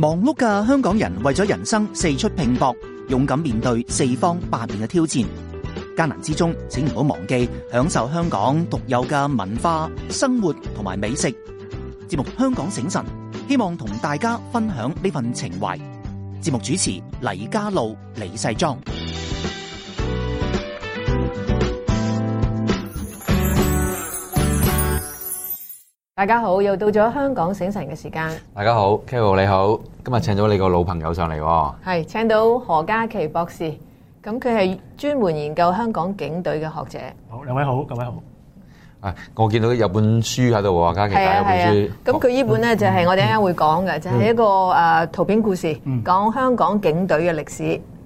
忙碌嘅香港人為咗人生四出拼搏，勇敢面對四方八面嘅挑戰。艱難之中，請唔好忘記享受香港獨有嘅文化、生活同埋美食。節目《香港醒晨》，希望同大家分享呢份情懷。節目主持：黎家路、李世莊。大家好，又到咗香港醒晨嘅時間。大家好 k e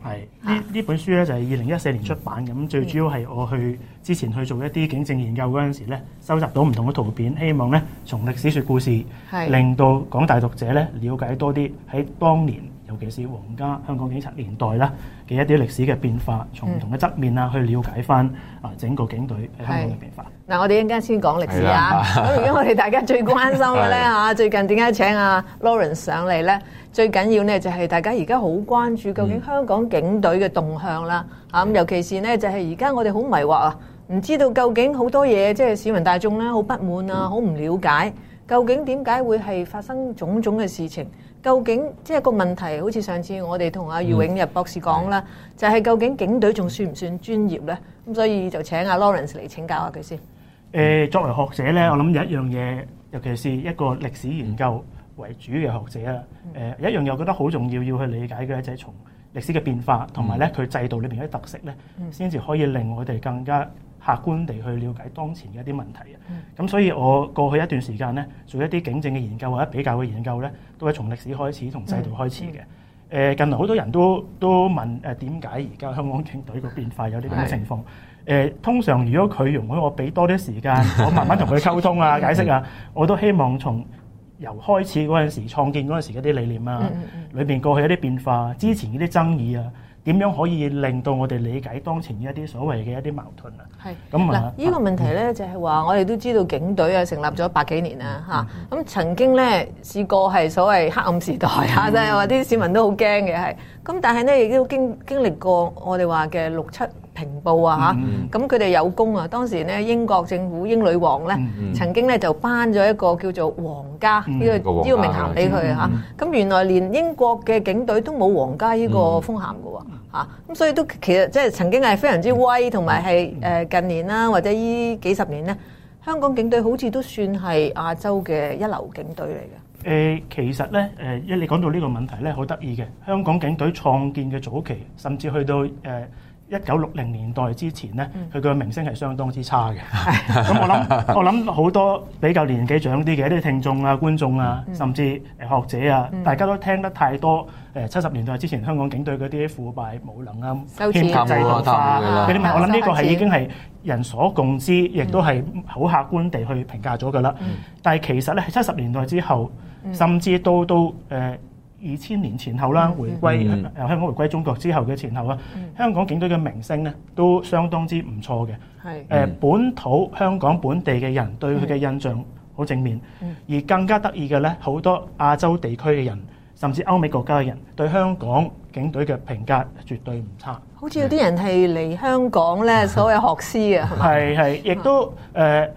係，呢，呢本書咧就係二零一四年出版，噉，最主要係我去之前去做一啲警政研究嗰陣時咧，收集到唔同嘅圖片，希望咧從歷史説故事，令到廣大讀者咧了解多啲喺當年。尤其是皇家香港警察年代啦嘅一啲歷史嘅變化，從唔同嘅側面啊去了解翻啊整個警隊香港嘅變化。嗱，我哋一陣間先講歷史啊。咁而家我哋大家最關心嘅咧吓，最近點解請阿 Lawrence 上嚟咧？最緊要咧就係大家而家好關注究竟香港警隊嘅動向啦。吓，咁，尤其是咧就係而家我哋好迷惑啊，唔知道究竟好多嘢即係市民大眾咧好不滿啊，好唔了解究竟點解會係發生種種嘅事情。究竟即係個問題，好似上次我哋同阿余永日博士講啦，就係究竟警隊仲算唔算專業呢？咁所以就請阿 Lawrence 嚟請教下佢先。誒，作為學者呢，我諗有一樣嘢，尤其是一個歷史研究為主嘅學者啊，誒，一樣嘢我覺得好重要要去理解嘅，就係從歷史嘅變化同埋呢佢制度裏面嘅特色呢，先至可以令我哋更加，客觀地去了解當前嘅一啲問題啊，咁所以我過去一段時間呢，做一啲警政嘅研究或者比較嘅研究呢，都係從歷史開始，從制度開始嘅、嗯嗯。近來好多人都都問誒點解而家香港警隊個變化有啲噉嘅情況？誒通常如果佢容許我俾多啲時間，我慢慢同佢溝通啊、 解釋啊，我都希望從由開始嗰陣時創建嗰陣時嗰啲理念啊，裏、嗯嗯、面過去的一啲變化、之前嗰啲爭議啊。點樣可以令到我哋理解當前一啲所謂嘅一啲矛盾啊？係咁。嗱，呢個問題咧就係話，我哋都知道警隊啊成立咗百幾年啊，嚇、嗯、咁曾經咧試過係所謂黑暗時代啊，即係話啲市民都好驚嘅係。咁但係咧亦都經經歷過我哋話嘅六七平暴啊嚇，咁佢哋有功啊！當時咧英國政府英女王咧，曾經咧就頒咗一個叫做皇家呢個呢個名銜俾佢嚇。咁原來連英國嘅警隊都冇皇家呢個封銜嘅喎嚇，咁所以都其實即係曾經係非常之威，同埋係誒近年啦，或者呢幾十年咧，香港警隊好似都算係亞洲嘅一流警隊嚟嘅。誒其實咧誒，一你講到呢個問題咧，好得意嘅香港警隊創建嘅早期，甚至去到誒。一九六零年代之前咧，佢、嗯、個名聲係相當之差嘅。咁 我諗，我諗好多比較年紀長啲嘅一啲聽眾啊、觀眾啊、嗯，甚至誒學者啊、嗯，大家都聽得太多誒七十年代之前香港警隊嗰啲腐敗無能啊、欠缺制度化啲，我諗呢個係已經係人所共知，亦都係好客觀地去評價咗㗎啦。但係其實咧，喺七十年代之後，甚至都、嗯、都。誒、呃。二千年前後啦，回歸香港回歸中國之後嘅前後啦，香港警隊嘅名聲咧都相當之唔錯嘅。係誒本土香港本地嘅人對佢嘅印象好正面，而更加得意嘅咧，好多亞洲地區嘅人，甚至歐美國家嘅人對香港警隊嘅評價絕對唔差。好似有啲人係嚟香港咧，所謂學師啊，係 係，亦都誒。呃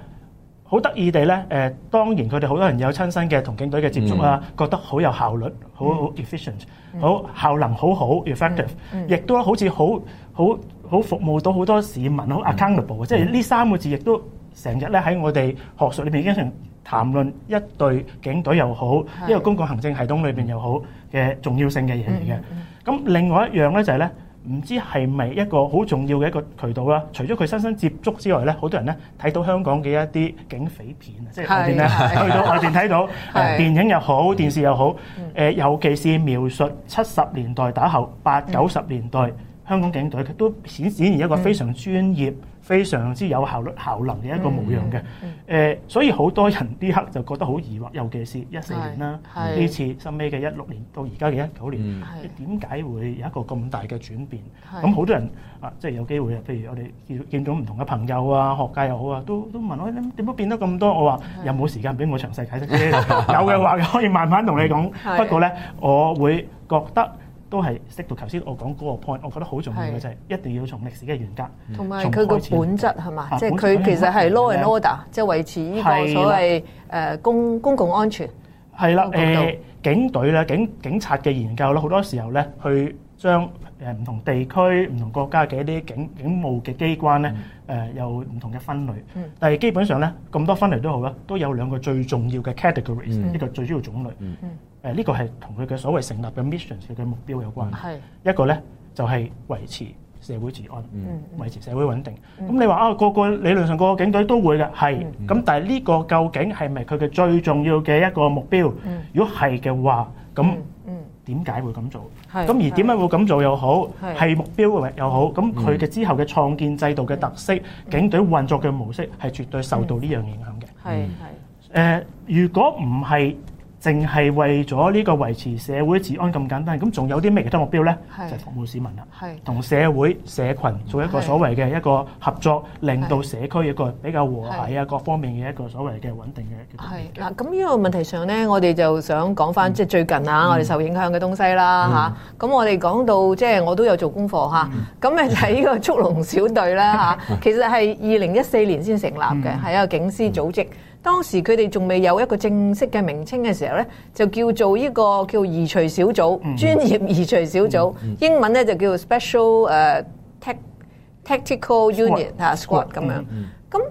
好得意地咧，誒當然佢哋好多人有親身嘅同警隊嘅接觸啊，覺得好有效率，好好 efficient，好效能好好，effective，亦都好似好好好服務到好多市民，好 accountable，即係呢三個字亦都成日咧喺我哋學術裏面經常談論一對警隊又好，一個公共行政系統裏邊又好嘅重要性嘅嘢嚟嘅。咁另外一樣咧就係咧。唔知係咪一個好重要嘅一個渠道啦？除咗佢親身接觸之外咧，好多人咧睇到香港嘅一啲警匪片，即係外邊咧去到外面睇到， 電影又好，電視又好，嗯、尤其是描述七十年代打後八九十年代、嗯、香港警隊，都顯顯然一個非常專業，嗯嗯非常之有效率效能嘅一個模樣嘅，誒、嗯嗯呃，所以好多人呢刻就覺得好疑惑，尤其是一四年啦，呢次收尾嘅一六年到而家嘅一九年，點、嗯、解會有一個咁大嘅轉變？咁好多人啊，即係有機會啊，譬如我哋見見到唔同嘅朋友啊，學界又好啊，都都問我點點解變得咁多？我話有冇時間俾我詳細解釋 有嘅話可以慢慢同你講、嗯。不過咧，我會覺得。都係識到頭先我講嗰個 point，我覺得好重要嘅就係、是、一定要從歷史嘅原則，同埋佢個本質係嘛、啊，即係佢其實係 law and order，即、啊、係、就是、維持呢個所謂誒公公共安全。係啦，誒、呃、警隊咧警警察嘅研究咧，好多時候咧去將。誒唔同地區、唔同國家嘅一啲警警務嘅機關咧，誒有唔同嘅分類。嗯。但係基本上咧，咁多分類都好啦，都有兩個最重要嘅 categories，一個最主要種類。嗯嗯。誒呢個係同佢嘅所謂成立嘅 mission 佢嘅目標有關。係。一個咧就係維持社會治安，維持社會穩定。咁你話啊，個個理論上個個警隊都會嘅，係。咁但係呢個究竟係咪佢嘅最重要嘅一個目標？嗯。如果係嘅話，咁。點解會咁做？係咁而點解會咁做又好，係目標，又好，咁佢嘅之後嘅創建制度嘅特色，嗯、警隊運作嘅模式，係絕對受到呢樣影響嘅。係係。誒、呃，如果唔係。淨係為咗呢個維持社會治安咁簡單，咁仲有啲咩其他目標咧？就服務市民啦，同社會社群做一個所謂嘅一個合作，令到社區一個比較和諧啊，各方面嘅一個所謂嘅穩定嘅。係嗱，咁呢個問題上咧，我哋就想講翻即係最近啊，我哋受影響嘅東西啦嚇。咁我哋講到即係我都有做功課嚇，咁咪就係呢個速龍小隊啦嚇。其實係二零一四年先成立嘅，係一個警司組織。當時佢哋仲未有一個正式嘅名稱嘅時候呢，就叫做呢個叫移除小組、嗯，專業移除小組，嗯嗯、英文呢就叫 Special、uh, tech Tactical Unit 嚇 Squad 咁樣。咁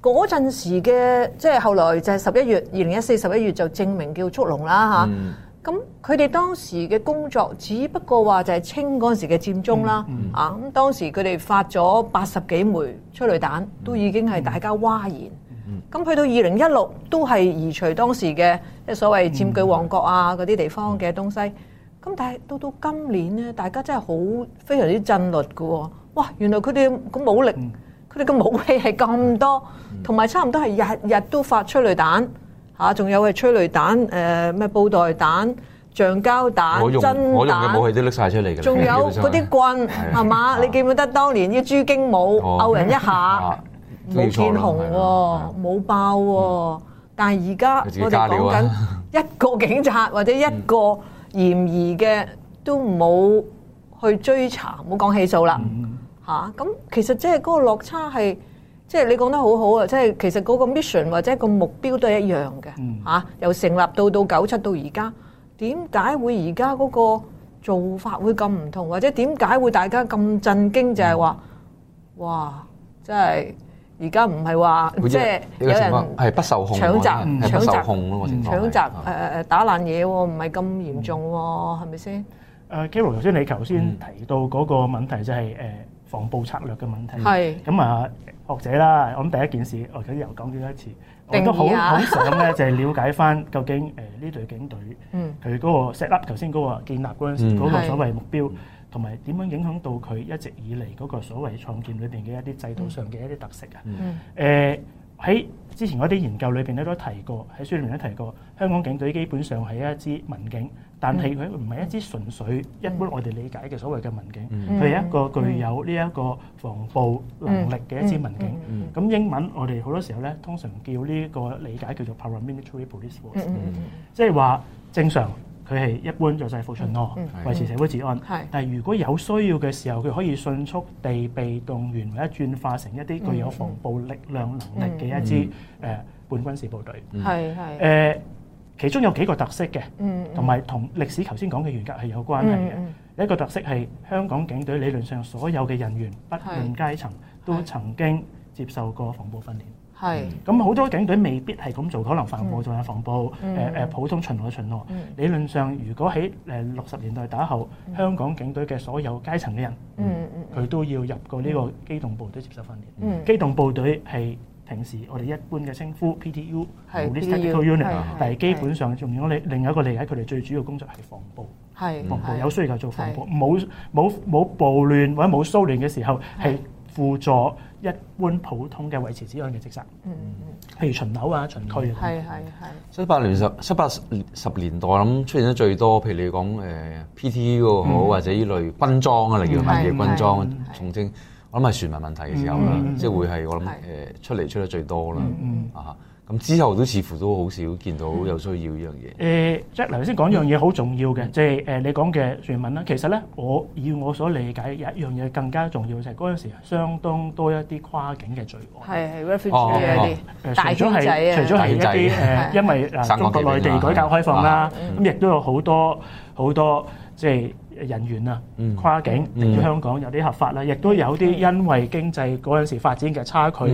嗰陣時嘅即係後來就係十一月，二零一四十一月就證明叫速龍啦吓，咁佢哋當時嘅工作只不過話就係清嗰陣時嘅佔中啦、嗯嗯、啊，咁當時佢哋發咗八十幾枚催淚彈、嗯，都已經係大家嘩然。咁去到二零一六都係移除當時嘅即係所謂佔據旺角啊嗰啲、嗯、地方嘅東西。咁、嗯、但係到到今年咧，大家真係好非常之震慄嘅喎。哇！原來佢哋個武力，佢哋嘅武器係咁多，同、嗯、埋差唔多係日日都發催淚彈吓，仲有係催淚彈、誒、啊、咩、呃、布袋彈、橡膠彈、真我用嘅武器都拎晒出嚟嘅。仲有嗰啲棍係嘛？ 是吧 你記唔記得當年啲豬驚武毆、哦、人一下？嗯嗯嗯嗯冇見紅喎，冇爆喎、嗯。但係而家我哋講緊一個警察或者一個嫌疑嘅都冇去追查，冇講起訴啦嚇。咁、嗯、其實即係嗰個落差係即係你講得好好啊，即係其實嗰個 mission 或者個目標都係一樣嘅嚇、嗯啊。由成立到到九七到而家，點解會而家嗰個做法會咁唔同，或者點解會大家咁震驚？就係話哇，真係～而家唔係話即係有人係不受控搶襲，搶襲搶襲誒誒打爛嘢喎，唔係咁嚴重喎，係咪先？誒，Carol，頭先你頭先提到嗰個問題就係誒防暴策略嘅問題。係咁啊，學者啦，我諗第一件事，我頭先又講咗一次，我都好好想咧，就係了解返究竟誒呢隊警隊，嗯，佢嗰個 set up 頭先嗰個建立嗰陣時嗰個所謂目標。同埋點樣影響到佢一直以嚟嗰個所謂創建裏邊嘅一啲制度上嘅一啲特色啊？誒喺之前嗰啲研究裏邊咧都提過，喺書裡面都提過，香港警隊基本上係一支民警，但係佢唔係一支純粹一般我哋理解嘅所謂嘅民警，佢係一個具有呢一個防暴能力嘅一支民警。咁英文我哋好多時候咧，通常叫呢個理解叫做 paramilitary police force，即係話正常。佢係一般在世巡邏咯，維持社會治安。但係如果有需要嘅時候，佢可以迅速地被動員或者轉化成一啲具有防暴力量能力嘅一支誒半軍事部隊。係係誒，其中有幾個特色嘅，同埋同歷史頭先講嘅原格係有關係嘅。一個特色係香港警隊理論上所有嘅人員，不論階層，都曾經接受過防暴訓練。係，咁好多警隊未必係咁做，可能防暴仲有防暴，誒誒普通巡邏巡邏。理論上，如果喺誒六十年代打後，香港警隊嘅所有階層嘅人，佢都要入過呢個機動部隊接受訓練。機動部隊係平時我哋一般嘅稱呼 PTU，Police Tactical Unit，但係基本上仲有另一個理解，佢哋最主要工作係防暴，防暴有需要就做防暴。冇冇冇暴亂或者冇騷亂嘅時候係，輔助一般普通嘅維持治安嘅職責，嗯譬如巡樓啊、巡區啊，係、嗯、係七八年十七八十，十年代，我諗出現得最多，譬如你講誒、呃、PTU 又好、嗯、或者呢類軍裝啊，例如乜嘢軍裝，重、嗯、稱我諗係船民問題嘅時候啦，即、嗯、係、就係、會係我諗誒出嚟出得最多啦、嗯嗯，啊！咁之後都似乎都好少見到有需要依樣嘢。誒、呃，即係頭先講樣嘢好重要嘅，即係誒你講嘅船民啦。其實咧，我以我所理解有一樣嘢更加重要是，就係嗰陣時相當多一啲跨境嘅罪案。係 r e f e r e 嘅一啲、啊啊啊。除咗係、啊啊、除咗係一啲誒、啊呃，因為誒中國內地改革開放啦，咁亦都有好多好多即係。就是人員啊，跨境嚟到香港有啲合法啦，亦都有啲因為經濟嗰陣時發展嘅差距，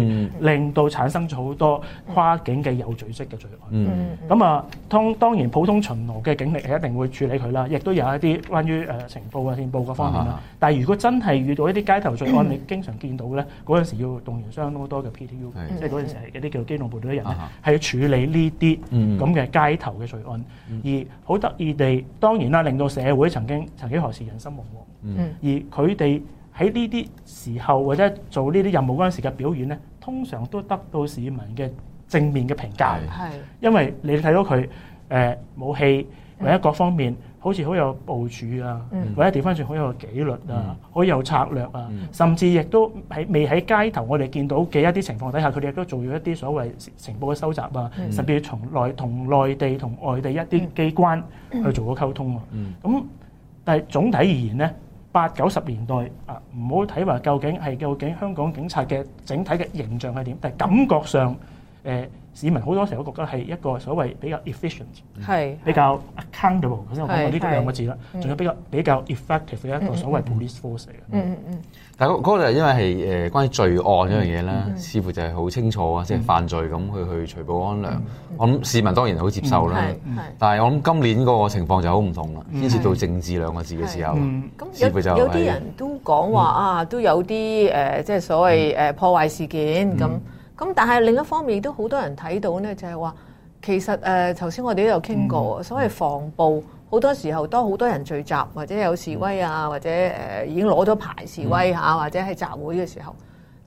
令到產生咗好多跨境嘅有罪式嘅罪案。咁、嗯、啊，通、嗯、當然普通巡邏嘅警力係一定會處理佢啦，亦都有一啲關於誒情報啊線報嘅方面啦。但係如果真係遇到一啲街頭罪案、嗯，你經常見到咧，嗰陣時要動員相當多嘅 P.T.U、嗯、即係嗰陣時係一啲叫做機動部隊嘅人咧，嗯、係要處理呢啲咁嘅街頭嘅罪案。而好得意地，當然啦，令到社會曾經曾經。何時人心惶惶，嗯，而佢哋喺呢啲時候或者做呢啲任務嗰陣時嘅表現咧，通常都得到市民嘅正面嘅評價。係，因為你睇到佢誒、呃、武器，或者各方面好似好有部署啊，嗯、或者調翻轉好有紀律啊，好、嗯、有策略啊，嗯、甚至亦都喺未喺街頭我哋見到嘅一啲情況底下，佢哋亦都做咗一啲所謂情報嘅收集啊，嗯、甚至從內同內地同外地一啲機關去做過溝通啊。嗯，咁。但係總體而言咧，八九十年代啊，唔好睇話究竟係究竟香港警察嘅整體嘅形象係點，但係感覺上誒。市民好多時候都覺得係一個所謂比較 efficient，比較 accountable，我覺得呢兩個字啦，仲有比較比較 effective 嘅一個所謂 police force。嗯嗯嗯。但係嗰個就因為係誒關於罪案嗰樣嘢啦，似乎就係好清楚啊，即係犯罪咁去去除暴安良，我諗市民當然好接受啦。係。但係我諗今年嗰個情況就好唔同啦，牽涉到政治兩個字嘅時候，似乎就係有啲人都講話啊，都有啲誒即係所謂誒破壞事件咁。咁但係另一方面都好多人睇到呢，就係話其實誒頭先我哋都有傾過、嗯、所謂防暴，好多時候當好多人聚集或者有示威啊、嗯，或者、呃、已經攞咗牌示威嚇，或者係集會嘅時候，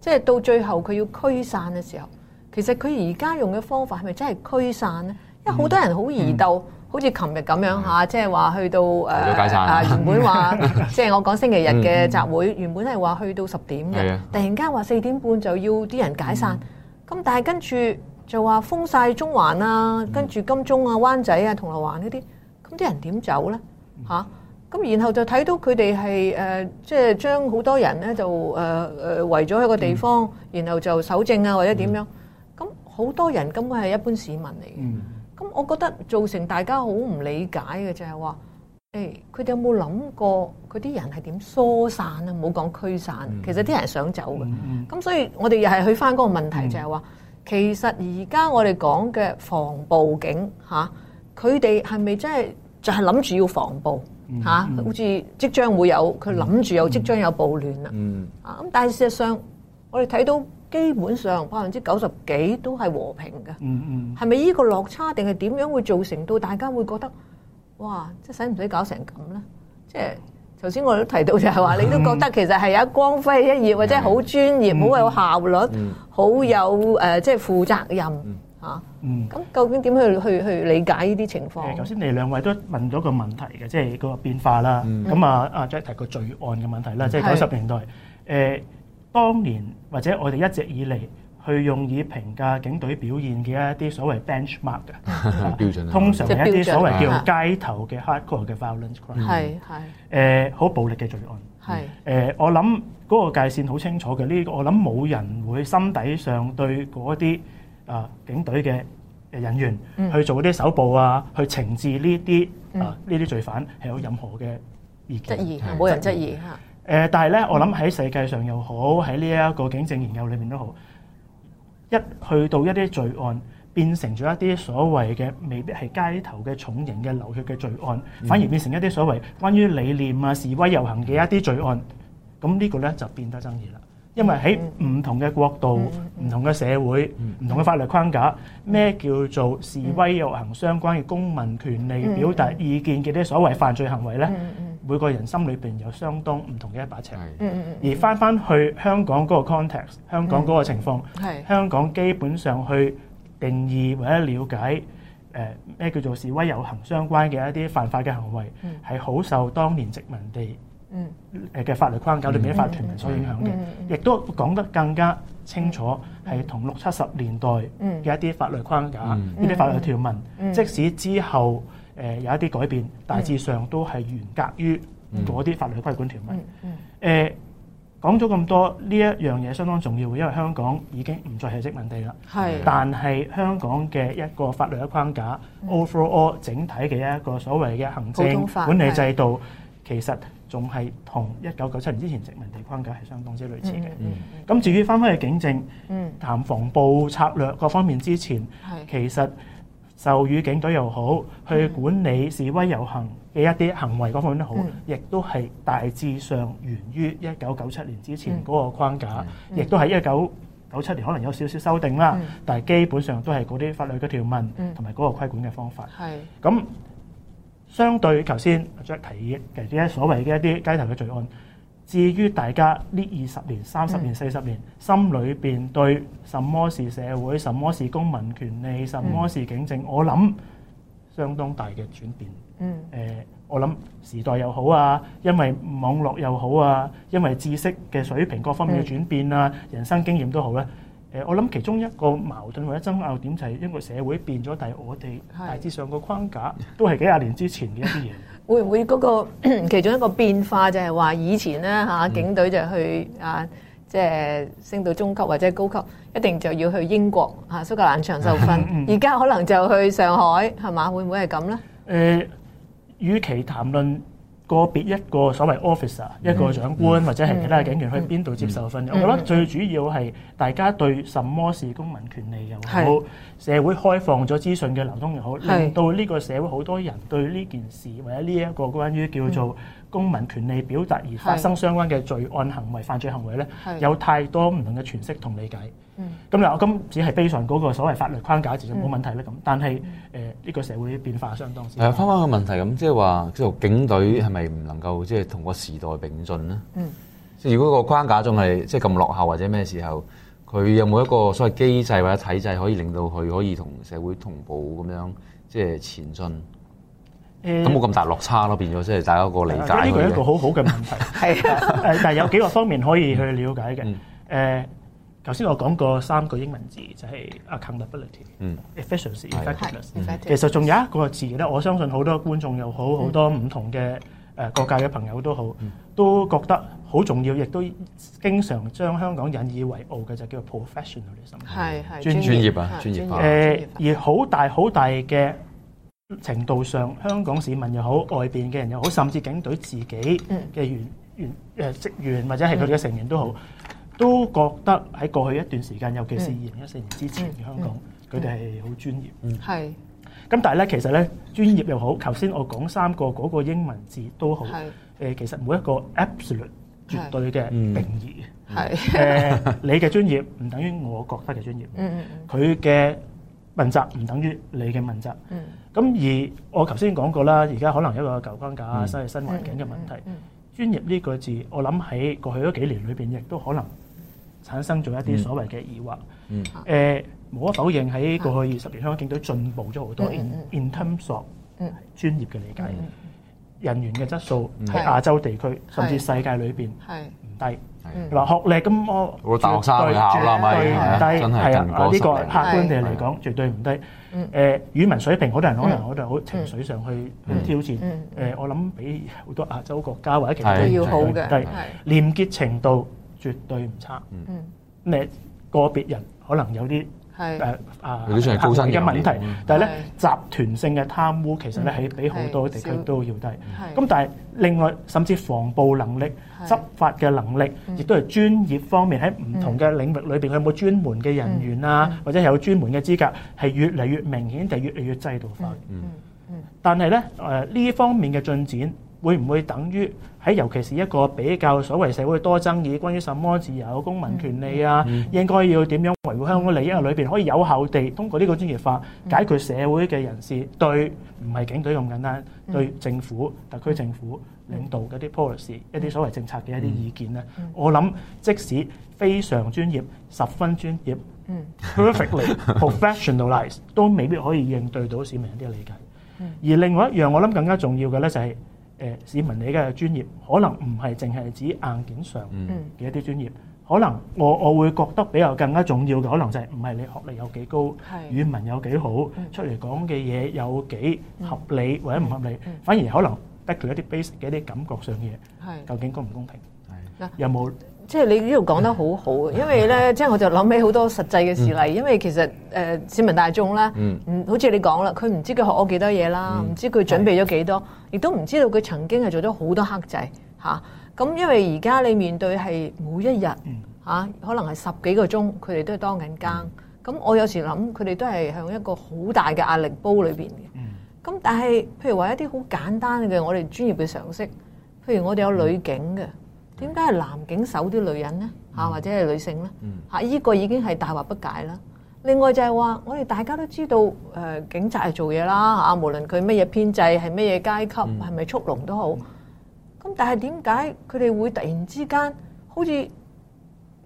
即、就、係、是、到最後佢要驅散嘅時候，其實佢而家用嘅方法係咪真係驅散呢？因為好多人好易鬥，嗯、好似琴日咁樣下，即係話去到去解散、啊、原本話即係我講星期日嘅集會，嗯、原本係話去到十點嘅，突然間話四點半就要啲人解散。嗯咁但係跟住就話封晒中環啊，嗯、跟住金鐘啊、灣仔啊、銅鑼灣呢啲，咁啲人點走咧？咁、啊、然後就睇到佢哋係即係將好多人咧就誒、呃呃、圍咗喺個地方、嗯，然後就守正啊或者點樣？咁、嗯、好多人根本係一般市民嚟嘅，咁、嗯、我覺得造成大家好唔理解嘅就係、是、話。誒、欸，佢哋有冇諗過佢啲人係點疏散咧？冇講驅散、嗯，其實啲人想走嘅。咁、嗯嗯、所以，我哋又係去翻嗰個問題，嗯、就係、是、話，其實而家我哋講嘅防暴警吓，佢哋係咪真係就係諗住要防暴吓？好、嗯、似、嗯、即將會有，佢諗住有即將有暴亂啦。啊、嗯、咁、嗯，但係事實上，我哋睇到基本上百分之九十幾都係和平嘅。係係咪呢個落差，定係點樣會造成到大家會覺得？哇！即係使唔使搞成咁咧？即係頭先我都提到就係話，你都覺得其實係有一光輝一頁，或者好專業、好有效率、好有誒，即係負責任嚇。咁究竟點去去去理解呢啲情況？頭先你兩位都問咗個問題嘅，即係個變化啦。咁啊，阿 Jack 提個罪案嘅問題啦，即係九十年代誒當年或者我哋一直以嚟，去用以評價警隊表現嘅一啲所謂 benchmark 嘅標準，通常係一啲所謂叫做街頭嘅 hardcore 嘅 violence crime，係係誒好暴力嘅罪案。係誒，我諗嗰個界線好清楚嘅。呢個我諗冇人會心底上對嗰啲啊警隊嘅人員去做啲手部啊，去懲治呢啲啊呢啲罪犯係有任何嘅意見，質疑，冇人質疑嚇。誒，但係咧，我諗喺世界上又好，喺呢一個警政研究裏面都好。一去到一啲罪案，變成咗一啲所謂嘅未必係街頭嘅重型嘅流血嘅罪案，反而變成一啲所謂關於理念啊，示威遊行嘅一啲罪案，咁呢個呢就變得爭議啦。因為喺唔同嘅國度、唔同嘅社會、唔同嘅法律框架，咩叫做示威遊行相關嘅公民權利表達意見嘅啲所謂犯罪行為呢？每個人心裏邊有相當唔同嘅一把尺，嗯嗯、而翻翻去香港嗰個 context，香港嗰個情況，嗯，香港基本上去定義或者了解誒咩、呃、叫做示威遊行相關嘅一啲犯法嘅行為，係、嗯、好受當年殖民地嗯誒嘅法律框架，裏面啲咩法律條文所影響嘅，嗯嗯嗯嗯嗯，亦都講得更加清楚，係同六七十年代嘅一啲法律框架，呢、嗯、啲法律條文、嗯嗯，即使之後。誒、呃、有一啲改變，大致上都係嚴格於嗰啲法律規管條文。誒講咗咁多，呢一樣嘢相當重要，因為香港已經唔再係殖民地啦。係，但係香港嘅一個法律嘅框架、嗯、overall，整體嘅一個所謂嘅行政管理制度，其實仲係同一九九七年之前殖民地框架係相當之類似嘅。咁、嗯嗯嗯、至於翻返去警政、嗯、談防暴策略各方面之前，嗯、其實。授予警隊又好，去管理示威遊行嘅一啲行為嗰方面都好，亦、嗯、都係大致上源於一九九七年之前嗰個框架，亦、嗯嗯、都係一九九七年可能有少少修訂啦、嗯，但係基本上都係嗰啲法律嘅條文同埋嗰個規管嘅方法。係、嗯、咁，相對頭先阿 Jack 提議嘅啲所謂嘅一啲街頭嘅罪案。至於大家呢二十年、三十年、四十年，嗯、心裏邊對什麼是社會、什麼是公民權利、什麼是警政，嗯、我諗相當大嘅轉變。嗯。呃、我諗時代又好啊，因為網絡又好啊，因為知識嘅水平各方面嘅轉變啊、嗯，人生經驗都好啦、啊呃。我諗其中一個矛盾或者爭拗點就係因為社會變咗，但係我哋大致上個框架都係幾廿年之前嘅一啲嘢。 會唔會嗰，那個其中一個變化就係話以前咧，警隊就去啊，即係升到中級或者高級一定就要去英國嚇、啊、蘇格蘭場受訓，而家可能就去上海係嘛？會唔會係咁咧？誒，與其談論。個別一個所謂 officer 一個長官或者係其他警員、mm-hmm. 去邊度接受訓練。Mm-hmm. 我覺得最主要係大家對什麼是公民權利又好，社會開放咗資訊嘅流通又好，令到呢個社會好多人對呢件事或者呢一個關於叫做。公民權利表達而發生相關嘅罪案行為、犯罪行為咧，有太多唔同嘅詮釋同理解。咁嗱，我咁只係悲傷嗰個所謂法律框架其實冇問題咧。咁、嗯嗯，但係誒呢個社會變化相當之。係翻返個問題咁，即係話，即係警隊係咪唔能夠即係、就是、同個時代並進咧？嗯、即係如果個框架仲係即係咁落後，或者咩時候，佢有冇一個所謂機制或者體制可以令到佢可以同社會同步咁樣即係、就是、前進？咁冇咁大落差咯，變咗即係大家個理解。呢個係一個好好嘅問題。係。誒，但係有幾個方面可以去了解嘅。誒，頭先我講過三個英文字，就係 accountability、efficiency、effectiveness。其實仲有一個字咧，我相信好多觀眾又好好多唔同嘅誒各界嘅朋友都好，都覺得好重要，亦都經常將香港引以為傲嘅就叫 professionalism。係係。專專業啊，專業化。誒，而好大好大嘅。程度上，香港市民又好，外邊嘅人又好，甚至警隊自己嘅員員誒職員或者係佢哋嘅成員都好，都覺得喺過去一段時間，尤其是二零一四年之前嘅香港，佢哋係好專業。係。咁但係咧，其實咧專業又好，頭先我講三個嗰個英文字都好。係。誒，其實每一個 absolute 絕對嘅定義。係。誒，你嘅專業唔等於我覺得嘅專業。嗯嗯嗯。佢嘅問責唔等於你嘅問責，咁、嗯、而我頭先講過啦，而家可能一個舊框架、新、嗯、嘅新環境嘅問題，嗯嗯嗯、專業呢個字，我諗喺過去嗰幾年裏邊，亦都可能產生咗一啲所謂嘅疑惑。誒、嗯嗯呃，無可否認喺過去二十年，香港警隊進步咗好多。嗯嗯嗯、In, in terms of、嗯、專業嘅理解，嗯、人員嘅質素喺亞洲地區、嗯、甚至世界裏邊唔低。嗯嗯嗯嗯嗯嗱、嗯，學歷咁我對絕對唔低，係啊，呢、啊這個客觀地嚟講絕對唔低。誒、嗯呃，語文水平好多人可能我哋好情緒上去挑戰。誒、嗯嗯嗯呃，我諗比好多亞洲國家或者其他地區都但要低。廉潔程度絕對唔差。嗯，咩個別人可能有啲。係誒啊！算係高薪嘅問題，但係咧、嗯、集團性嘅貪污其實咧係、嗯、比好多地區都要低。咁、嗯、但係另外甚至防暴能力、嗯、執法嘅能力，亦都係專業方面喺唔同嘅領域裏邊佢有冇專門嘅人員啊、嗯，或者有專門嘅資格，係越嚟越明顯，地越嚟越制度化。嗯嗯。但係咧誒呢、呃、方面嘅進展。會唔會等於喺尤其是一個比較所謂社會多爭議，關於什麼自由、公民權利啊，嗯、應該要點樣維護香港利益啊裏邊，可以有效地通過呢個專業化解決社會嘅人士對唔係警隊咁簡單，對政府、特區政府領導嘅啲 policy、一啲所謂政策嘅一啲意見咧，嗯、我諗即使非常專業、十分專業，perfe 誒市民你嘅專業可能唔係淨係指硬件上嘅一啲專業，可能我我會覺得比較更加重要嘅，可能就係唔係你學歷有幾高，語文有幾好，出嚟講嘅嘢有幾合理或者唔合理，係反而可能得佢一啲 basic 嘅一啲感覺上嘅嘢，究竟公唔公平，有冇？即係你呢度講得好好，因為咧，即係我就諗起好多實際嘅事例、嗯，因為其實誒、呃、市民大眾咧、嗯，嗯，好似你講啦，佢唔知佢學咗幾多嘢啦，唔、嗯、知佢準備咗幾多，亦都唔知道佢曾經係做咗好多克制吓咁，因為而家你面對係每一日、啊、可能係十幾個鐘，佢哋都係當緊更。咁、嗯、我有時諗，佢哋都係向一個好大嘅壓力煲裏邊。嘅、嗯。咁但係譬如話一啲好簡單嘅我哋專業嘅常識，譬如我哋有女警嘅。嗯點解係男警守啲女人咧？嚇、嗯，或者係女性咧？嚇、嗯，依、啊這個已經係大惑不解啦。另外就係話，我哋大家都知道，誒、呃，警察係做嘢啦，嚇、啊，無論佢乜嘢編制，係乜嘢階級，係咪速龍都好。咁、嗯、但係點解佢哋會突然之間好似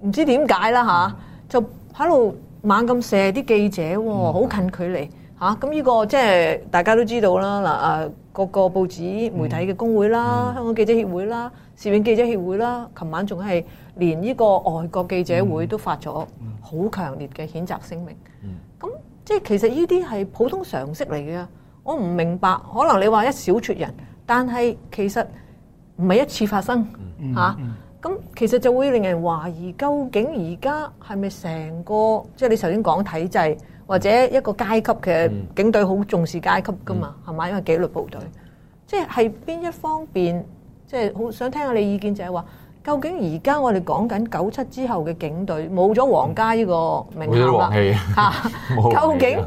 唔知點解啦？嚇、啊，就喺度猛咁射啲記者喎，好、嗯、近距離。咁、啊、呢個即係大家都知道啦。嗱，誒，個個報紙媒體嘅工會啦、嗯，香港記者協會啦，攝影記者協會啦，琴晚仲係連呢個外國記者會都發咗好強烈嘅譴責聲明。咁、嗯、即係其實呢啲係普通常識嚟嘅。我唔明白，可能你話一小撮人，但係其實唔係一次發生嚇咁、嗯啊、其實就會令人懷疑，究竟而家係咪成個即係你頭先講體制？或者一個階級嘅警隊好重視階級噶嘛，係、嗯、咪？因為紀律部隊，嗯、即係邊一方面，即係好想聽下你嘅意見就係話，究竟而家我哋講緊九七之後嘅警隊，冇咗皇家呢個名氣嚇，啊、冇咗皇氣 究竟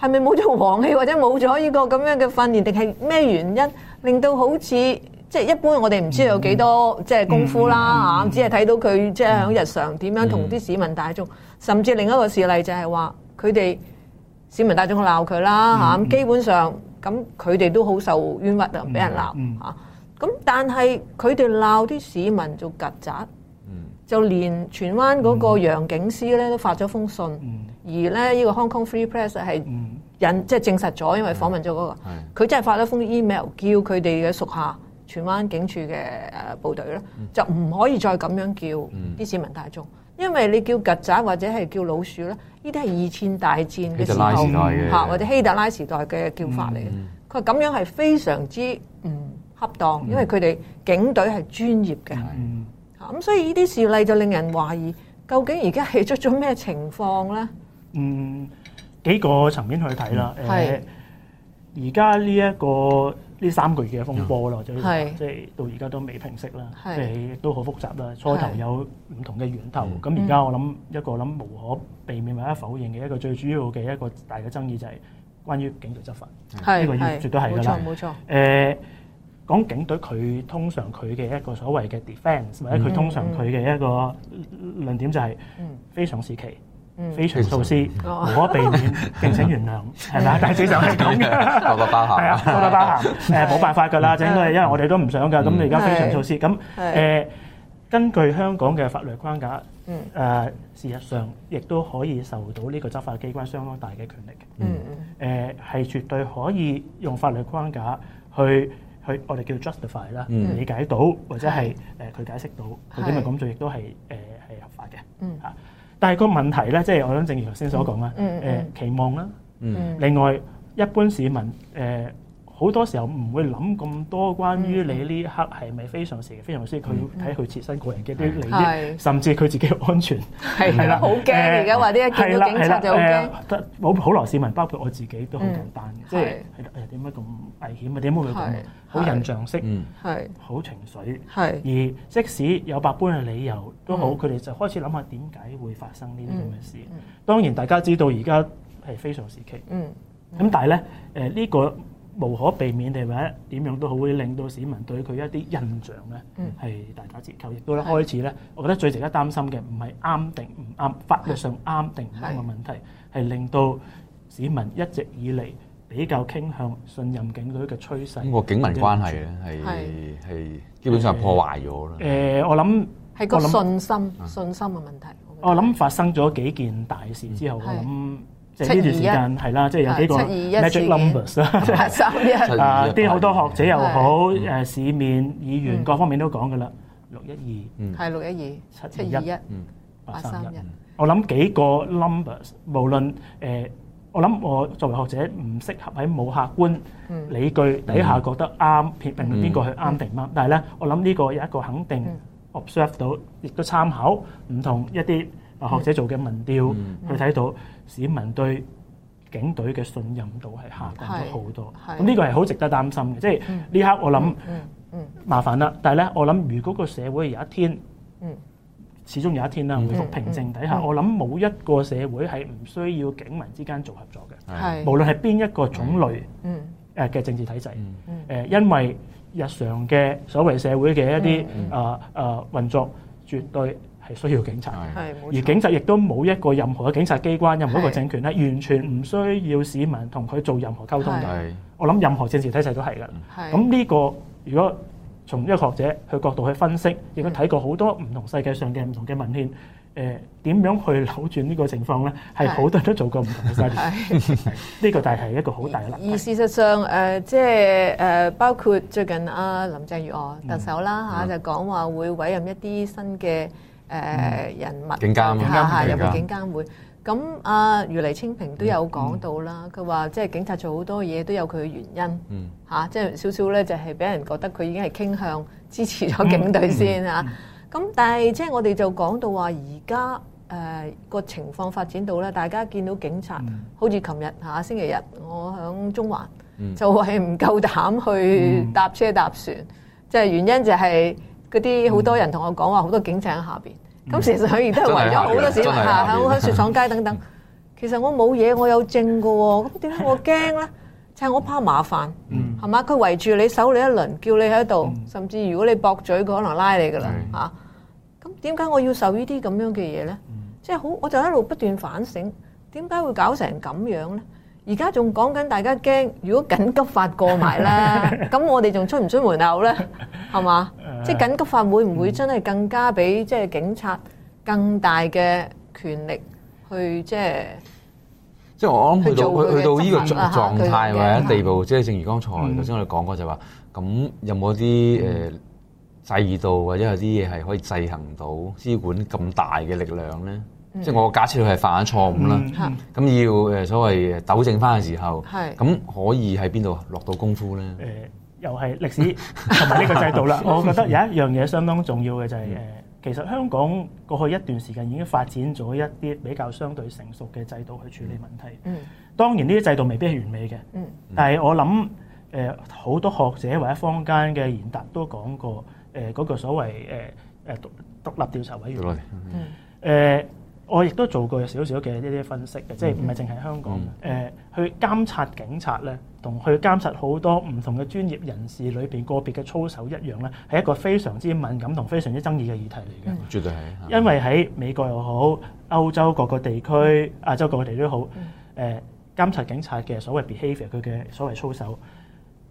係咪冇咗皇氣，或者冇咗呢個咁樣嘅訓練，定係咩原因令到好似即係一般我哋唔知道有幾多即係功夫啦嚇、嗯嗯，只係睇到佢即係喺日常點樣同啲市民大眾，嗯、甚至另一個事例就係話。佢哋市民大眾鬧佢啦嚇，基本上咁佢哋都好受冤屈啊，俾、嗯、人鬧嚇。咁、嗯嗯嗯、但係佢哋鬧啲市民做曱甴、嗯，就連荃灣嗰個楊警司咧都發咗封信，嗯、而咧呢個 Hong Kong Free Press 係引、嗯、即係證實咗，因為訪問咗嗰、嗰個，佢、嗯、真係發咗封 email 叫佢哋嘅屬下荃灣警署嘅誒部隊咧、嗯，就唔可以再咁樣叫啲市民大眾。嗯嗯。因為你叫曱甴或者係叫老鼠咧，呢啲係二次大戰嘅時候嚇，或者希特拉時代嘅叫法嚟嘅。佢、嗯、咁、嗯、樣係非常之唔恰當，嗯、因為佢哋警隊係專業嘅嚇。咁、嗯、所以呢啲事例就令人懷疑，究竟而家係出咗咩情況咧？嗯，幾個層面去睇啦。誒、嗯，而家呢一個。呢三個月嘅風波啦，即係即係到而家都未平息啦，即係都好複雜啦。初頭有唔同嘅源頭，咁而家我諗一個諗無可避免或者否認嘅一個最主要嘅一個大嘅爭議就係關於警隊執法，呢個要絕對係㗎啦。冇錯，冇錯。誒，講警隊佢通常佢嘅一個所謂嘅 defence，或者佢通常佢嘅一個論點就係非常時期。非常措施，無可避免，敬請原諒，係咪？大致上係咁嘅，多多包涵，係啊，多多包涵。誒，冇辦法㗎啦，就應該因為我哋都唔想㗎，咁你而家非常措施，咁誒，根據香港嘅法律框架，誒，事實上亦都可以受到呢個執法機關相當大嘅權力。嗯嗯。誒，係絕對可以用法律框架去去我哋叫 justify 啦，理解到或者係誒佢解釋到佢點樣咁做，亦都係誒係合法嘅。嗯啊。但係個問題咧，即係我諗正如頭先所講啦，誒、嗯呃嗯，期望啦、嗯，另外一般市民誒。呃好多時候唔會諗咁多，關於你呢刻係咪非常時期、嗯、非常時期，佢睇佢切身個人嘅啲利益，甚至佢自己嘅安全。係啦，好驚而家，話呢，嗯、一見到警察就好驚。好好多市民，包括我自己都好簡單、嗯、即係係啦，點解咁危險啊？點解會咁好印象式，係好情緒，係而即使有百般嘅理由都好，佢、嗯、哋就開始諗下點解會發生呢啲咁嘅事、嗯嗯嗯。當然大家知道而家係非常時期，嗯，咁、嗯、但係咧，誒呢個。嗯嗯無可避免地或者點樣都好，會令到市民對佢一啲印象咧係大打折扣。亦都一開始咧，我覺得最值得擔心嘅唔係啱定唔啱，法律上啱定唔啱嘅問題，係令到市民一直以嚟比較傾向信任警隊嘅趨勢。個警民關係咧係係基本上破壞咗啦。誒，我諗係個信心信心嘅問題。我諗發生咗幾件大事之後，我諗。即係呢段時間係啦，即係、就是、有幾個 magic numbers，即啊，啲好多學者又好，誒、嗯、市面議員各方面都講㗎啦。六一二，係六一二。七二一，八三一。我諗幾個 numbers，無論誒，我諗我作為學者唔適合喺冇客觀理據底下覺得啱，並定邊個去啱定啱。但係咧，我諗呢個有一個肯定 observe 到，亦都參考唔同一啲。學者做嘅民調，佢睇到市民對警隊嘅信任度係下降咗好多，咁呢個係好值得擔心嘅。即係呢刻我諗，麻煩啦。但係咧，我諗如果個社會有一天，始終有一天啦，回復平靜底下，我諗冇一個社會係唔需要警民之間做合作嘅。係，無論係邊一個種類，誒嘅政治體制，誒，因為日常嘅所謂社會嘅一啲啊啊運作，絕對。係需要警察，而警察亦都冇一個任何嘅警察機關，任何一個政權咧，完全唔需要市民同佢做任何溝通嘅。我諗任何政治體制都係㗎。咁呢個如果從一個學者去角度去分析，亦都睇過好多唔同世界上嘅唔同嘅文獻，誒點樣去扭轉呢個情況咧，係好多都做過唔同嘅嘗試。呢個就係一個好大嘅啦。而事實上，誒即係誒包括最近阿林鄭月娥特首啦嚇，就講話會委任一啲新嘅。誒、呃嗯、人物，警監嚇嚇，入去、啊、警監會。咁阿、啊、余黎青萍都有講到啦，佢、嗯、話、嗯、即係警察做好多嘢都有佢嘅原因。嚇、嗯啊，即係少少咧，就係、是、俾人覺得佢已經係傾向支持咗警隊先咁、嗯啊、但係即係我哋就講到話而家誒個情況發展到咧，大家見到警察、嗯、好似琴日下星期日，我喺中環、嗯、就係唔夠膽去搭車搭船，嗯、即係原因就係、是。嗰啲好多人同我講話，好、嗯、多警察喺下，下、嗯、下邊。咁事實佢而家圍咗好多市民喺喺雪廠街等等。 其實我冇嘢，我有證嘅。咁點解我驚咧？就係、是、我怕麻煩，係、嗯、嘛？佢圍住你手你一輪，叫你喺度、嗯。甚至如果你駁嘴，佢可能拉你嘅啦嚇。咁點解我要受這些呢啲咁樣嘅嘢咧？即係好，我就一路不斷反省，點解會搞成咁樣咧？而家仲講緊大家驚，如果緊急法過埋咧，咁 我哋仲出唔出門口咧？係嘛？即、就、係、是、緊急法會唔會真係更加俾即係警察更大嘅權力去即係？即係我諗去到去到呢個狀狀態或者地步，即係正如剛才頭先、嗯、我哋講過就話、是，咁有冇啲誒制度或者有啲嘢係可以制衡到司管咁大嘅力量咧？即係我假設佢係犯咗錯誤啦，咁要誒所謂糾正翻嘅時候，咁可以喺邊度落到功夫咧？誒，又係歷史同埋呢個制度啦。我覺得有一樣嘢相當重要嘅就係誒，其實香港過去一段時間已經發展咗一啲比較相對成熟嘅制度去處理問題。嗯，當然呢啲制度未必係完美嘅。嗯，但係我諗誒，好多學者或者坊間嘅賢達都講過誒嗰個所謂誒誒獨獨立調查委員。嗯。誒。我亦都做過少少嘅呢啲分析嘅，即係唔係淨係香港誒、呃、去監察警察咧，同去監察好多唔同嘅專業人士裏邊個別嘅操守一樣咧，係一個非常之敏感同非常之爭議嘅議題嚟嘅。絕對係，因為喺美國又好，歐洲各個地區、亞洲各個地都好誒、呃、監察警察嘅所謂 behaviour，佢嘅所謂操守。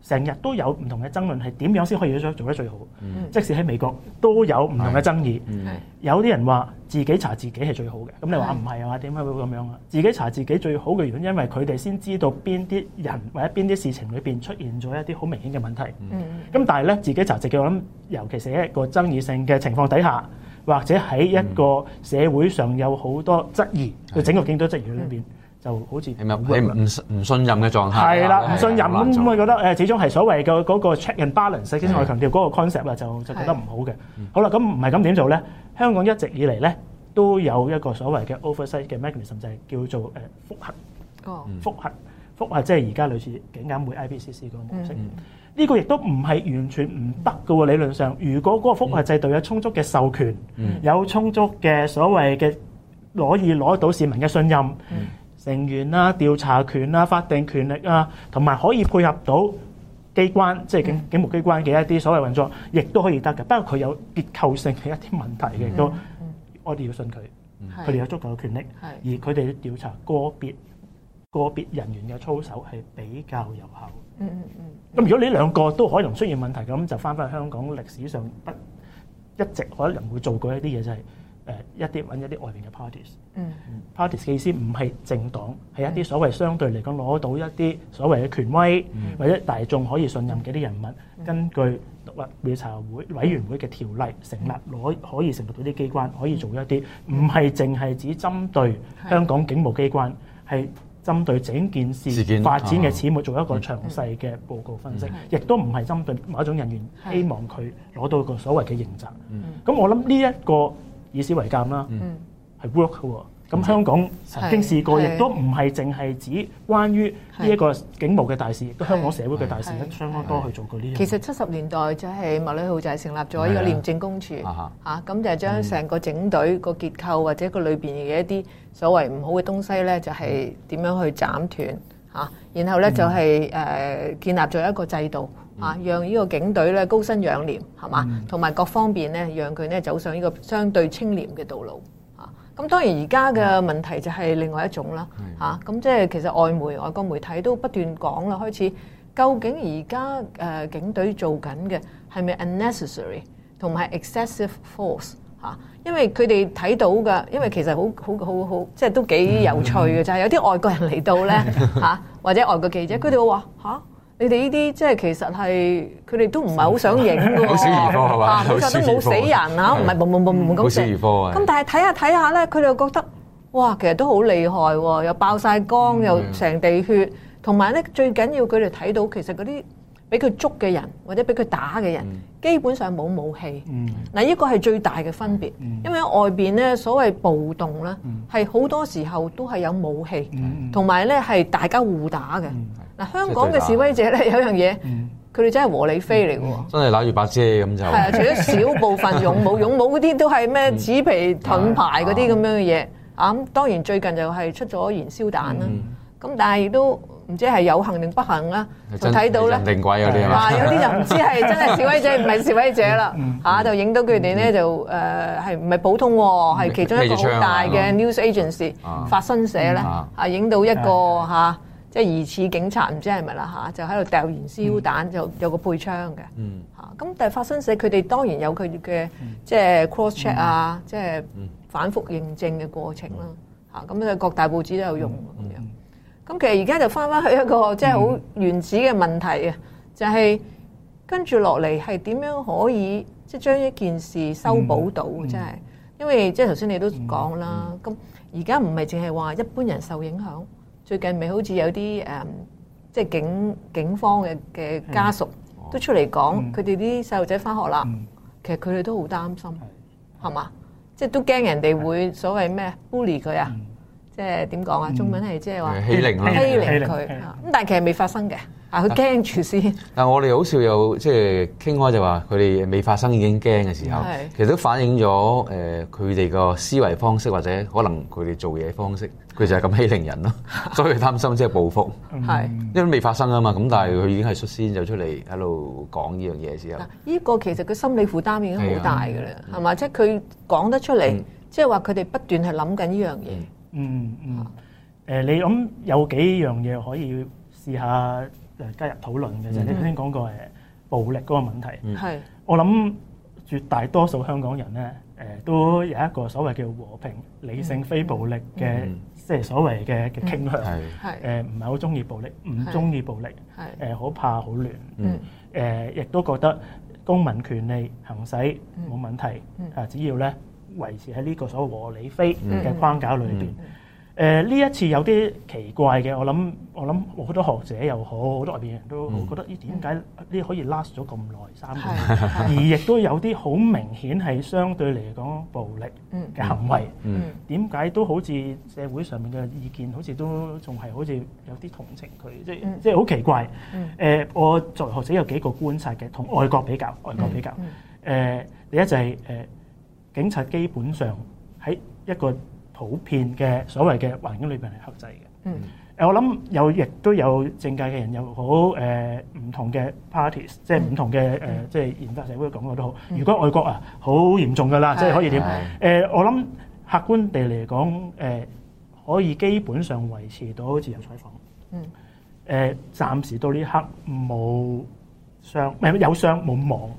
成日都有唔同嘅爭論，係點樣先可以做得最好？嗯、即使喺美國都有唔同嘅爭議，嗯、有啲人話自己查自己係最好嘅，咁、嗯、你話唔係啊？點解會咁樣啊？自己查自己最好嘅原因，因為佢哋先知道邊啲人或者邊啲事情裏邊出現咗一啲好明顯嘅問題。咁、嗯、但係呢，自己查自己我諗，尤其喺一個爭議性嘅情況底下，或者喺一個社會上有好多質疑，佢整個警隊質疑裏邊。嗯嗯就好似你唔你唔唔信任嘅狀態係啦，唔信任咁咪覺得誒，始終係所謂嘅嗰個 check and balance，跟住我強調嗰個 concept 啦，就就覺得唔好嘅。好啦，咁唔係咁點做咧？香港一直以嚟咧都有一個所謂嘅 oversight 嘅 mechanism，就係叫做誒複核哦，複核複核，即係而家類似警監會 IPCC 嗰個模式。呢個亦都唔係完全唔得㗎喎。理論上，如果嗰個複核制度有充足嘅授權，有充足嘅所謂嘅攞，以攞到市民嘅信任。成員啦、調查權啦、法定權力啊，同埋可以配合到機關，即係警警務機關嘅一啲所謂運作，亦都可以得嘅。不過佢有結構性嘅一啲問題嘅，都、嗯、我哋要信佢，佢、嗯、哋有足夠嘅權力，而佢哋調查個別個別人員嘅操守係比較有效。嗯嗯嗯。咁如果你兩個都可能出現問題咁，就返返香港歷史上不一直可能會做過一啲嘢就係、是。誒一啲揾一啲外邊嘅 parties，parties 嘅意思唔係政黨，係一啲所謂相對嚟講攞到一啲所謂嘅權威或者大眾可以信任嘅啲人物，根據獨立調查會委員會嘅條例成立，攞可以成立到啲機關，可以做一啲唔係淨係只針對香港警務機關，係針對整件事發展嘅始末做一個詳細嘅報告分析，亦都唔係針對某一種人員，希望佢攞到個所謂嘅刑責。咁我諗呢一個。以史為鑒啦，係 work 嘅喎。咁香港曾經試過，亦都唔係淨係指關於呢一個警務嘅大事，亦都香港社會嘅大事都相當多去做過呢啲。其實七十年代就係麥理浩就係成立咗呢個廉政公署嚇，咁、啊啊啊啊、就將成個整隊個結構或者個裏邊嘅一啲所謂唔好嘅東西咧，就係點樣去斬斷嚇、啊，然後咧就係、是、誒、嗯、建立咗一個制度。啊，讓呢個警隊咧高薪養廉，係嘛？同埋各方面咧，讓佢咧走上呢個相對清廉嘅道路。啊，咁當然而家嘅問題就係另外一種啦。嚇，咁即係其實外媒、外國媒體都不斷講啦，開始究竟而家誒警隊做緊嘅係咪 unnecessary 同埋 excessive force 嚇？因為佢哋睇到噶，因為其實好好好好，即係都幾有趣嘅就係有啲外國人嚟到咧嚇，或者外國記者，佢哋會話嚇。你哋呢啲即係其實係佢哋都唔係好想影好少兒科係嘛？好少兒科，都、啊、冇死人啊，唔係冇咁死。好少兒科啊！咁但係睇下睇下咧，佢哋又覺得哇，其實都好厲害喎，又爆晒缸、嗯，又成地血，同埋咧最緊要佢哋睇到其實嗰啲俾佢捉嘅人或者俾佢打嘅人、嗯、基本上冇武器。嗱、嗯，呢個係最大嘅分別，因為外邊咧所謂暴動咧係好多時候都係有武器，同埋咧係大家互打嘅。嗯香港嘅示威者咧有樣嘢，佢、就、哋、是、真係和理非嚟嘅喎，真係揦住把遮咁就係啊！除咗少部分勇武， 勇武嗰啲都係咩紙皮盾牌嗰啲咁樣嘅嘢啊！當然最近就係出咗燃燒彈啦，咁、嗯、但係亦都唔知係有幸定不幸啦、嗯，就睇到咧定鬼嗰啲係有啲就唔知係真係示威者唔係示威者啦，嚇、嗯啊、就影到佢哋咧就誒係唔係普通喎？係其中一個好大嘅 news agency 法新社咧啊，影、嗯啊、到一個嚇。嗯啊即係疑似警察，唔知係咪啦嚇，就喺度掉燃燒彈，嗯、有有個配槍嘅嚇。咁、嗯、但係發生死，佢哋當然有佢哋嘅即係 cross check 啊，嗯、即係反覆認證嘅過程啦嚇。咁、嗯、樣各大報紙都有用咁樣。咁、嗯嗯、其實而家就翻翻去一個即係好原始嘅問題啊，就係跟住落嚟係點樣可以即係、就是、將一件事修補到？即、嗯、係、嗯，因為即係頭先你都講啦。咁而家唔係淨係話一般人受影響。最近咪好似有啲誒、嗯，即係警警方嘅嘅家屬都出嚟講，佢哋啲細路仔翻學啦，其實佢哋都好擔心，係、嗯、嘛？即係都驚人哋會所謂咩孤 u 佢啊，即係點講啊？中文係即係話欺凌啦、啊，欺凌佢。咁但係其實未發生嘅。啊！佢驚住先但。但係我哋好少有即係傾開就話佢哋未發生已經驚嘅時候，其實都反映咗誒佢哋個思維方式或者可能佢哋做嘢方式，佢就係咁欺凌人咯， 所以佢擔心即係報復。係、嗯、因為未發生啊嘛，咁但係佢已經係率先就出嚟喺度講呢樣嘢嘅時候。依、呢個其實佢心理負擔已經好大㗎啦，係嘛、嗯？即係佢講得出嚟、嗯，即係話佢哋不斷係諗緊呢樣嘢。嗯嗯。誒，你諗有幾樣嘢可以試下？加入討論嘅就係你頭先講過誒暴力嗰個問題，我諗絕大多數香港人咧誒都有一個所謂叫和平、理性、非暴力嘅即係所謂嘅嘅傾向，誒唔係好中意暴力，唔中意暴力，誒好怕好亂，誒亦都覺得公民權利行使冇問題，啊只要咧維持喺呢個所謂和理非嘅框架裏邊。誒、呃、呢一次有啲奇怪嘅，我諗我諗好多學者又好好多外邊人都覺得咦，點解呢可以 last 咗咁耐三個月，而亦都有啲好明顯係相對嚟講暴力嘅行為，點、嗯、解、嗯、都好似社會上面嘅意見好似都仲係好似有啲同情佢，即、嗯、即係好奇怪。誒、嗯呃，我作為學者有幾個觀察嘅，同外國比較，嗯、外國比較誒，第、嗯、一、嗯呃、就係、是、誒、呃、警察基本上喺一個。普遍嘅所謂嘅環境裏邊係克制嘅。嗯。誒，我諗有，亦都有政界嘅人又好，誒，唔同嘅 parties，即係唔同嘅誒，即係現代社會嘅感覺都好。如果外國啊，好嚴重㗎啦，即係可以點？誒，我諗客觀地嚟講，誒，可以基本上維持到自由採訪。嗯。誒，暫時到呢刻冇傷，唔係有傷冇亡。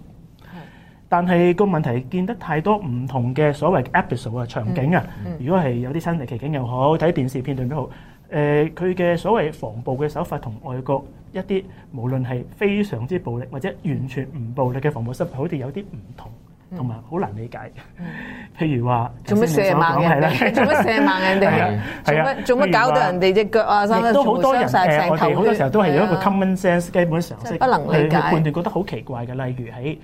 但係個問題係見得太多唔同嘅所謂 episode 啊場景啊，如果係有啲新奇奇景又好，睇電視片段都好，誒，佢嘅所謂防暴嘅手法同外國一啲無論係非常之暴力或者完全唔暴力嘅防暴室，好似有啲唔同，同埋好難理解。譬如話做乜射盲人？做乜射盲人哋？做乜做乜搞到人哋隻腳啊？亦都好多人嘅外國好多時候都係有一個 common sense 基本常識，不能理解判斷覺得好奇怪嘅，例如喺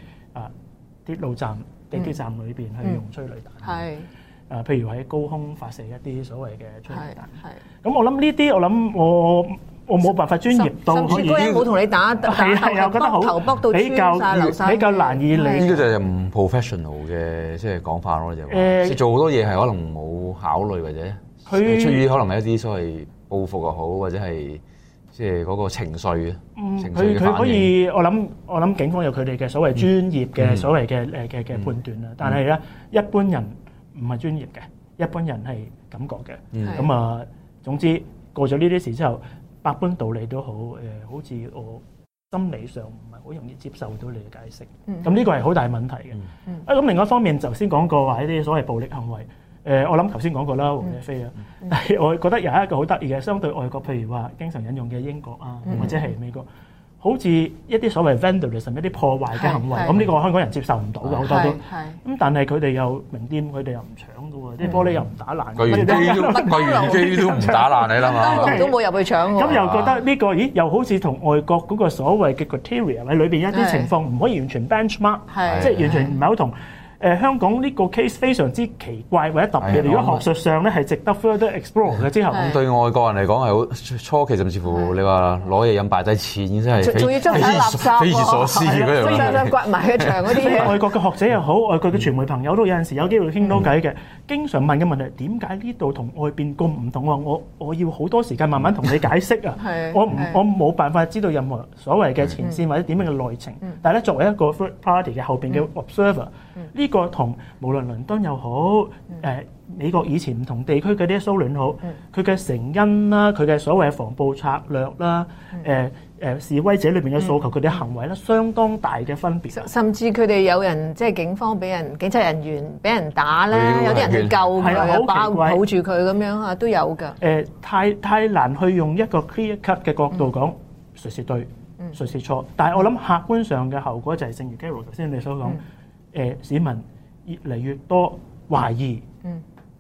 鐵路站地鐵站裏邊去用催淚彈，係、嗯、誒，譬、嗯、如喺高空發射一啲所謂嘅催淚彈。係，咁我諗呢啲，我諗我我冇辦法專業到可以。十個人冇同你打，打到頭殼到穿曬流曬血。比較難以理，呢個就係唔 professional 嘅即係講法咯，就係、是。誒、欸，做好多嘢係可能冇考慮或者佢出於可能係一啲所謂報復又好或者係。即係嗰個情緒嘅，情緒反應。佢佢可以，我諗我諗警方有佢哋嘅所謂專業嘅所謂嘅誒嘅嘅判斷啦。但係咧，一般人唔係專業嘅，一般人係感覺嘅。咁啊，總之過咗呢啲事之後，百般道理都好誒，好似我心理上唔係好容易接受到你嘅解釋。咁呢個係好大問題嘅。啊，咁另外一方面，頭先講過話呢啲所謂暴力行為。誒，我諗頭先講過啦，王德飛啊，但係我覺得又係一個好得意嘅，相對外國，譬如話經常引用嘅英國啊，或者係美國，好似一啲所謂 vandalism 一啲破壞嘅行為，咁呢個香港人接受唔到嘅好多都。係。咁但係佢哋又明店，佢哋又唔搶嘅喎，啲玻璃又唔打爛。個圓機都唔打爛你啦嘛，都冇入去搶。咁又覺得呢個，咦？又好似同外國嗰個所謂嘅 criteria 喺裏邊一啲情況唔可以完全 benchmark，即係完全唔係好同。誒、呃、香港呢個 case 非常之奇怪或者特別，如果學術上咧係、嗯、值得 further explore 嘅之後咁，對外國人嚟講係好初期甚至乎是你話攞嘢飲擺低錢真係匪夷、啊、所，所思嗰樣，再再刮埋一牆嗰啲外國嘅學者又好、嗯，外國嘅傳媒朋友都有陣時有機會傾多偈嘅，經常問嘅問題點解呢度同外邊咁唔同？我我要好多時間慢慢同你解釋啊！嗯、我唔我冇辦法知道任何所謂嘅前線、嗯、或者點樣嘅內情，嗯、但係咧作為一個 third party 嘅後邊嘅 observer、嗯。嗯呢、嗯這個同無論倫敦又好，誒、嗯呃、美國以前唔同地區嘅啲蘇聯好，佢、嗯、嘅成因啦，佢嘅所謂嘅防暴策略啦，誒、嗯、誒、呃呃、示威者裏邊嘅訴求，佢、嗯、哋行為咧，相當大嘅分別。甚至佢哋有人即係警方俾人警察人員俾人打啦，有啲人去救佢，包、嗯、抱住佢咁樣嚇都有㗎。誒、呃，太太難去用一個 clear cut 嘅角度講、嗯、誰是對、嗯、誰是錯。但係我諗客觀上嘅後果就係正如 g a r o l 先你所講。嗯誒、市民越嚟越多懷疑，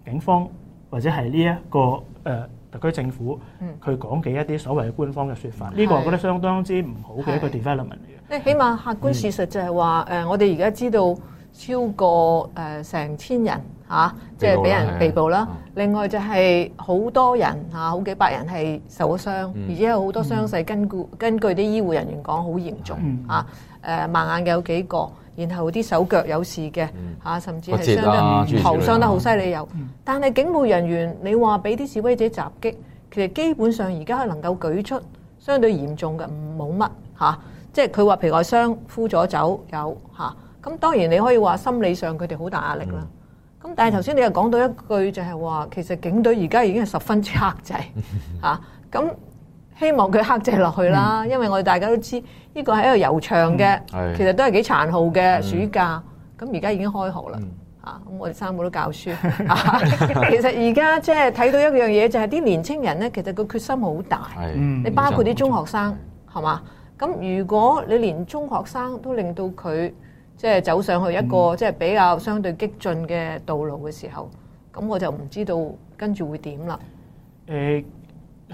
警方或者係呢一個誒、呃、特區政府佢講嘅一啲所謂嘅官方嘅説法，呢、嗯這個我覺得相當之唔好嘅一個 development 嚟嘅。誒、嗯嗯，起碼客觀事實就係話誒，我哋而家知道超過誒、呃、成千人嚇、啊，即係俾人被捕啦、嗯。另外就係好多人嚇，好、啊、幾百人係受咗傷、嗯，而且有好多傷勢根據、嗯，根據根據啲醫護人員講好嚴重嚇，誒、啊呃、盲眼嘅有幾個。然後啲手腳有事嘅嚇、嗯，甚至係傷得頭傷得好犀利有。嗯、但係警務人員，你話俾啲示威者襲擊，嗯、其實基本上而家係能夠舉出相對嚴重嘅，唔冇乜嚇。即係佢話皮外傷、敷咗走有嚇。咁、啊、當然你可以話心理上佢哋好大壓力啦。咁、嗯、但係頭先你又講到一句就係話，其實警隊而家已經係十分之克制嚇。咁、嗯啊、希望佢克制落去啦、嗯，因為我哋大家都知道。呢、這個係一個悠長嘅，其實都係幾殘酷嘅暑假。咁而家已經開學啦、嗯，啊！咁我哋三個都教書了、 啊。其實而家即係睇到一樣嘢，就係啲年青人呢，其實個決心好大、嗯。你包括啲中學生，係、嗯、嘛？咁如果你連中學生都令到佢即係走上去一個即係比較相對激進嘅道路嘅時候，咁我就唔知道跟住會點啦。誒、欸。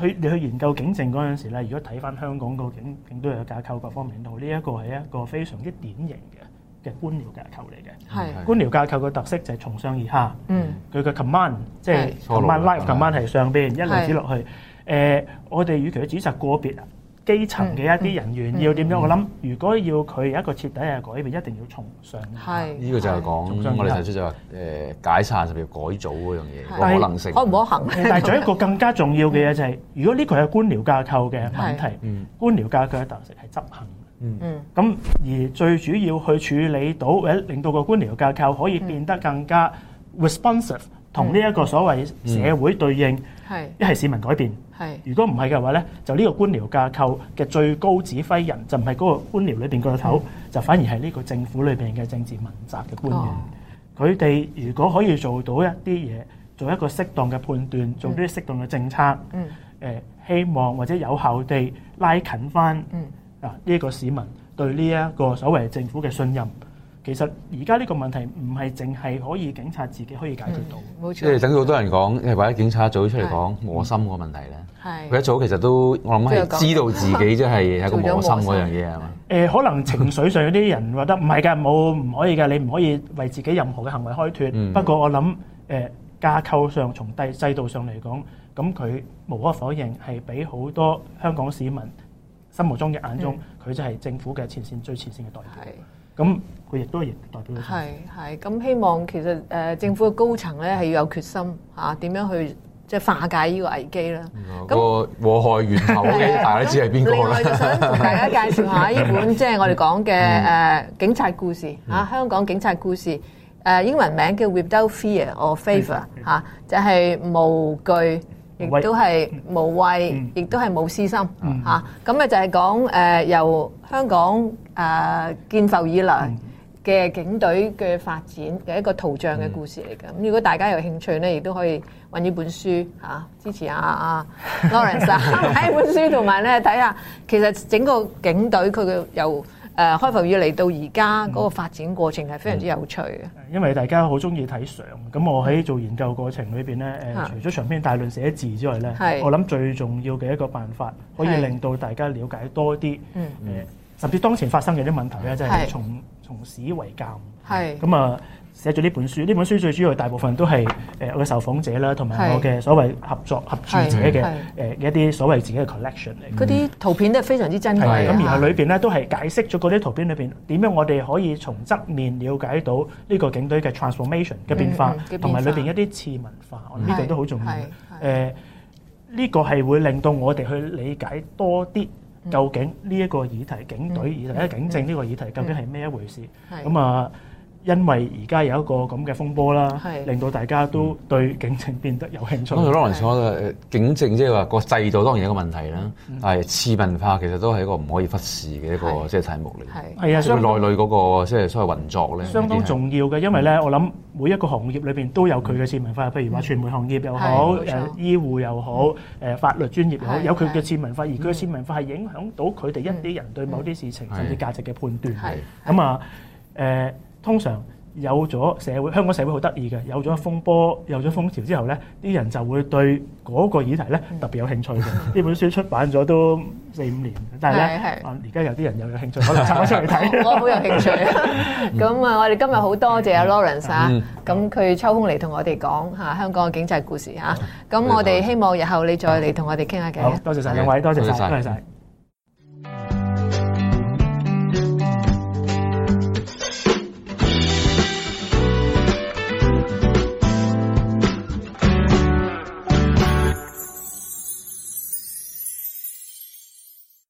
去你去研究警政嗰陣時咧，如果睇翻香港個警警隊嘅架構，各方面度，呢一個係一個非常之典型嘅嘅官僚架構嚟嘅。係官僚架構嘅特色就係從上而下。嗯，佢嘅 command 即係 command line command 係上邊，一路指落去。的呃、我哋與其指責個別啊。基層嘅一啲人員要點樣？我諗如果要佢有一個徹底嘅改變，一定要從上。係，呢個就係講我哋提出就係誒解散，甚至改組嗰樣嘢個可能性可唔可行？但係仲有一個更加重要嘅嘢就係，如果呢個係官僚架構嘅問題，官僚架構嘅特色係執行嘅。嗯，咁而最主要去處理到誒，令到個官僚架構可以變得更加 responsive。同呢一個所謂社會對應，一、嗯、係市民改變。是如果唔係嘅話咧，就呢個官僚架構嘅最高指揮人就唔係嗰個官僚裏邊個頭，就反而係呢個政府裏邊嘅政治問責嘅官員。佢、哦、哋如果可以做到一啲嘢，做一個適當嘅判斷，做啲適當嘅政策，誒、嗯呃、希望或者有效地拉近翻啊呢個市民對呢一個所謂政府嘅信任。其實而家呢個問題唔係淨係可以警察自己可以解決到，冇錯，即係等好多人講，誒、或者警察組出嚟講，磨心個問題咧。係佢一早其實都我諗係知道自己即係係個磨心嗰樣嘢係嘛？誒，可能情緒上嗰啲人覺得唔係㗎，冇唔可以㗎，你唔可以為自己任何嘅行為開脱。不過我諗誒、架構上從第制度上嚟講，咁佢無可否認係畀好多香港市民心目中嘅眼中，佢就係政府嘅前線最前線嘅代表。咁佢亦都係代表係係咁，希望其實誒政府嘅高層咧係要有決心嚇，點樣去即係化解呢個危機咧？咁個禍害源頭，大家知係邊個啦？另外就想同大家介紹下呢本即係我哋講嘅誒警察故事嚇，香港警察故事誒英文名叫 Without Fear or Favor 嚇，就係無懼，亦都係無畏，亦都係冇私心嚇。咁咪就係講誒由香港誒建埠以來。嘅警隊嘅發展嘅一個圖像嘅故事嚟㗎，咁如果大家有興趣咧，亦都可以揾呢本書吓支持下。阿 Lawrence 買呢本書，同埋咧睇下其實整個警隊佢嘅由誒、呃、開埠以嚟到而家嗰個發展過程係非常之有趣嘅，因為大家好中意睇相，咁我喺做研究過程裏邊咧，誒、呃、除咗長篇大論寫字之外咧，我諗最重要嘅一個辦法可以令到大家了解多啲，嗯誒、呃，甚至當前發生嘅啲問題咧，即係從。從史為鑑。究竟呢一個議題，警隊議題，或、嗯、警政呢個議題，究竟係咩一回事？咁、嗯、啊？嗯因為而家有一個咁嘅風波啦，令到大家都對警政變得有興趣。當然，當然，我覺得警政即係話個制度當然有一個問題啦，但係次文化其實都係一個唔可以忽視嘅一個即係題目嚟。係啊，所以內裏嗰個即係所謂運作咧，相當重要嘅。因為咧，我諗每一個行業裏邊都有佢嘅次文化。譬如話，傳媒行業又好，誒醫護又好，誒法律專業又好，有佢嘅次文化。而佢嘅次文化係影響到佢哋一啲人對某啲事情甚至價值嘅判斷。係咁啊，誒。通常有咗社會，香港社會好得意嘅，有咗風波、有咗風潮之後咧，啲人就會對嗰個議題咧特別有興趣嘅。呢本書出版咗都四五年，但係咧，而家有啲人又有興趣，可能攞出嚟睇。我好有興趣。咁啊，我哋今日好多謝阿 Lawrence 啊，咁佢抽空嚟同我哋講嚇香港警察故事嚇。咁我哋希望日後你再嚟同我哋傾下偈。多謝曬兩位，多謝曬。